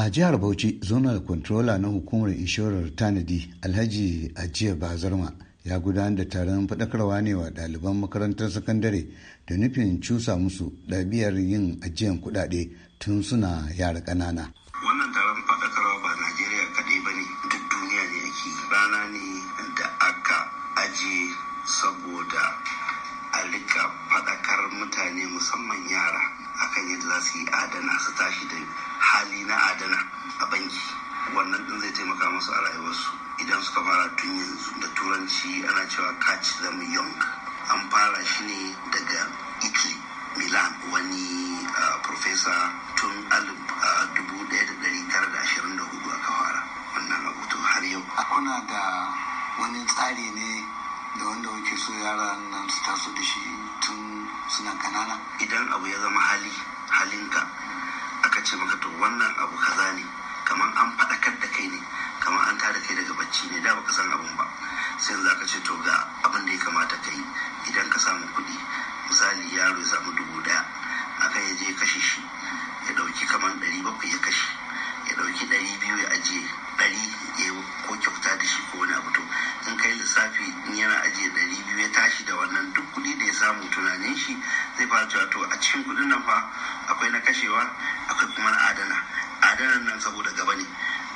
a jihar bauchi zonal controller na hukumar inshorar tanadi alhaji ajiya bazarma ya gudanar da taron faɗakarwa ne wa ɗaliban makarantar sakandare da nufin cusa musu ɗabiyar yin ajiyar kuɗaɗe tun suna yara ƙanana na adana a banki wannan din zai taimaka musu a rayuwarsu idan suka fara tun yanzu da turanci ana cewa catch them young an fara shi ne daga italy milan wani profesa tun dubu da da ashirin da hudu aka fara wannan abu to har yau kuna da wani tsari ne da wanda kuke so yara nan su taso da shi tun suna kanana idan abu ya zama hali halinka ka ce maka to wannan abu kaza ne kamar an faɗakar da kai ne kamar an tada kai daga bacci ne da baka san abun ba sai yanzu aka ce to ga abin da ya kamata ka yi idan ka samu kuɗi misali yaro ya samu dubu ɗaya akan ya je ya kashe shi ya ɗauki kamar ɗari bakwai ya kashe ya ɗauki ɗari biyu ya ajiye ɗari ya ko kyauta da shi ko wani abu to in kai lissafi in yana ajiye ɗari biyu ya tashi da wannan duk kuɗi da ya samu tunanin shi zai fara cewa to a cikin kuɗin nan fa akwai na kashewa akwai kuma na adana adanan nan saboda gaba ne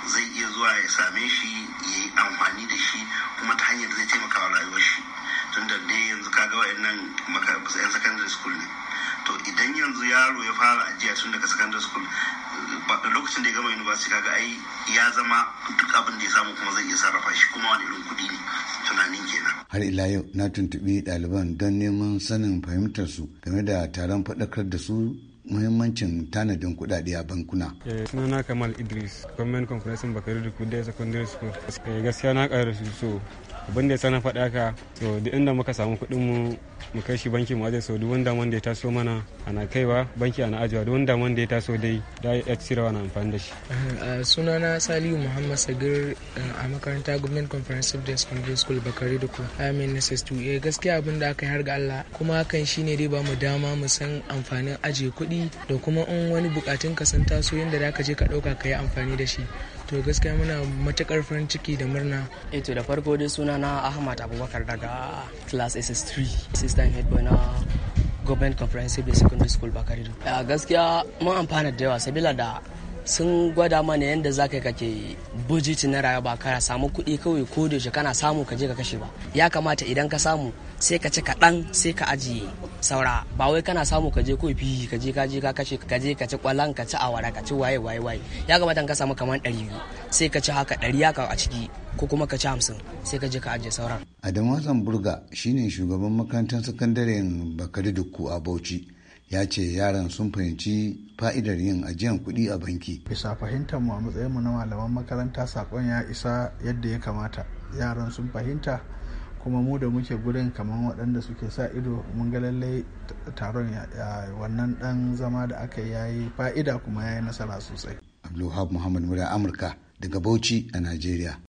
zai iya zuwa ya same shi ya yi amfani da shi kuma ta hanyar zai taimaka wa rayuwar shi tun da dai yanzu kaga wa'annan yan secondary school ne to idan yanzu yaro ya fara ajiya tun daga secondary school lokacin da ya gama university kaga ai ya zama duk abin da ya samu kuma zai iya sarrafa shi kuma wani irin kuɗi ne tunanin kenan har ila yau na tuntuɓi ɗaliban don neman sanin fahimtar su game da taron faɗakar da su muhimmancin tanadin kuɗaɗe a bankuna. Eh, sunana kamal idris Government conference bakari da kudai secondary school eh, gaskiya na ƙara su so abin da ya sana faɗa ka so duk inda muka samu kuɗin mu mu kai shi banki mu aje so duk wanda wanda ya taso mana ana kaiwa banki ana ajiwa duk wanda wanda ya taso dai da ya cire na amfani da shi. Eh, sunana saliu muhammad sagir a makaranta Government conference of secondary school bakari da kuma i mean ss2 gaskiya abin da aka yi har ga allah kuma hakan shine dai ba mu dama mu san amfanin ajiye kuɗi kuɗi da kuma in wani bukatun ka sun taso yadda za ka je ka ɗauka ka yi amfani da shi to gaskiya muna matukar farin ciki da murna Eto eh da farko dai suna na ahmad abubakar daga class ss3 assistant head boy na government comprehensive secondary school bakarido ah, gaskiya mun amfana da yawa sabila da sun gwada mana yadda za ka kake bujiti na rayuwa ba ka samu kuɗi kawai ko da kana samu ka je ka kashe ba ya kamata idan ka samu sai ka ci kaɗan sai ka ajiye saura ba wai kana samu ka je kawai fi ka je ka je ka kashe ka je ka ci kwalan ka ci awara ka ci waye waye waye ya kamata ka samu kamar ɗari biyu sai ka ci haka ɗari kawo a ciki ko kuma ka ci hamsin sai ka je ka ajiye sauran. Adamu Hassan Burga shine shugaban makarantar sakandaren Bakari Dukku a Bauchi. ya ce yaran sun fahimci fa'idar yin ajiyar kuɗi a banki. Bisa fahimtar mu a matsayinmu na malaman makaranta sakon ya isa yadda ya kamata. Yaran sun fahimta kuma mu da muke gurin kamar waɗanda suke sa ido mun ga lallai taron wannan ɗan zama da aka yi yayi fa'ida kuma ya yi nasara sosai. Abdulhab Muhammad murya Amurka daga Bauchi a Najeriya.